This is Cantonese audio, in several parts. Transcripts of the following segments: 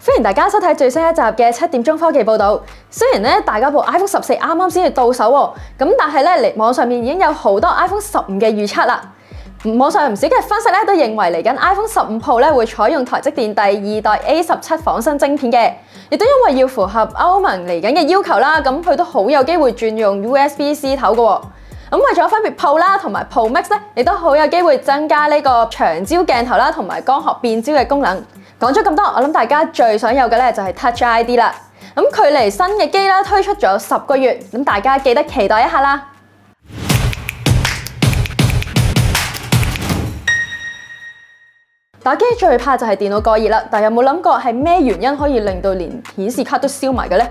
歡迎大家收睇最新一集嘅七點鐘科技報道。雖然咧大家部 iPhone 十四啱啱先至到手喎，咁但係咧嚟網上面已經有好多 iPhone 十五嘅預測啦。網上唔少嘅分析咧都認為嚟緊 iPhone 十五 Pro 咧會採用台積電第二代 A 十七仿生晶片嘅，亦都因為要符合歐盟嚟緊嘅要求啦，咁佢都好有機會轉用 USB C 頭嘅。咁為咗分別 Pro 啦同埋 Pro Max 咧，亦都好有機會增加呢個長焦鏡頭啦同埋光學變焦嘅功能。講咗咁多，我諗大家最想有嘅咧就係 Touch ID 啦。咁距離新嘅機咧推出咗十個月，咁大家記得期待一下啦。打機最怕就係電腦過熱啦，但係有冇諗過係咩原因可以令到連顯示卡都燒埋嘅呢？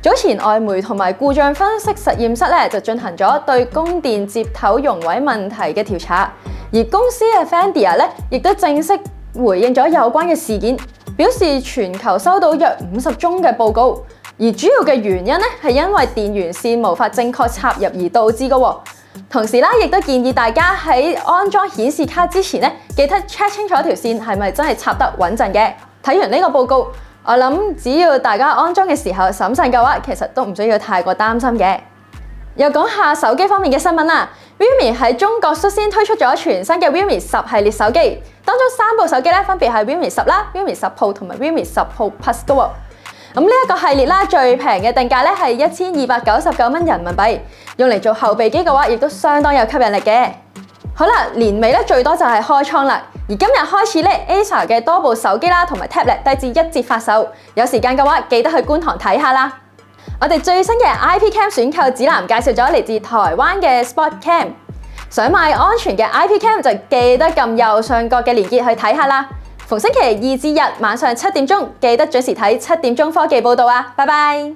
早前外媒同埋故障分析實驗室咧就進行咗對供電接頭熔毀問題嘅調查，而公司嘅 NVIDIA 咧亦都正式，回應咗有關嘅事件，表示全球收到約五十宗嘅報告，而主要嘅原因呢，係因為電源線無法正確插入而導致嘅。同時咧，亦都建議大家喺安裝顯示卡之前呢，記得 check 清楚條線係咪真係插得穩陣嘅。睇完呢個報告，我諗只要大家安裝嘅時候審慎嘅話，其實都唔需要太過擔心嘅。又講下手機方面嘅新聞啦，realme 喺中國率先推出咗全新嘅 realme 十系列手機，當中三部手機咧，分別係 realme 十啦、realme 十 Pro 同埋 realme 十 Pro Plus 嘅。咁呢一個系列啦，最平嘅定價咧，係一千二百九十九蚊人民幣，用嚟做後備機嘅話，亦都相當有吸引力嘅。好啦，年尾咧，最多就係開倉啦，而今日開始咧，Acer 嘅多部手機啦，同埋 tablet 低至一折發售，有時間嘅話記得去觀塘睇下啦。我哋最新嘅 IP Cam 選購指南介紹咗嚟自台灣嘅 Spot Cam，想買安全嘅 IP Cam 就記得撳右上角嘅鏈接去睇下啦。逢星期二至日晚上七點鐘記得準時睇七點鐘科技報道啊，拜拜。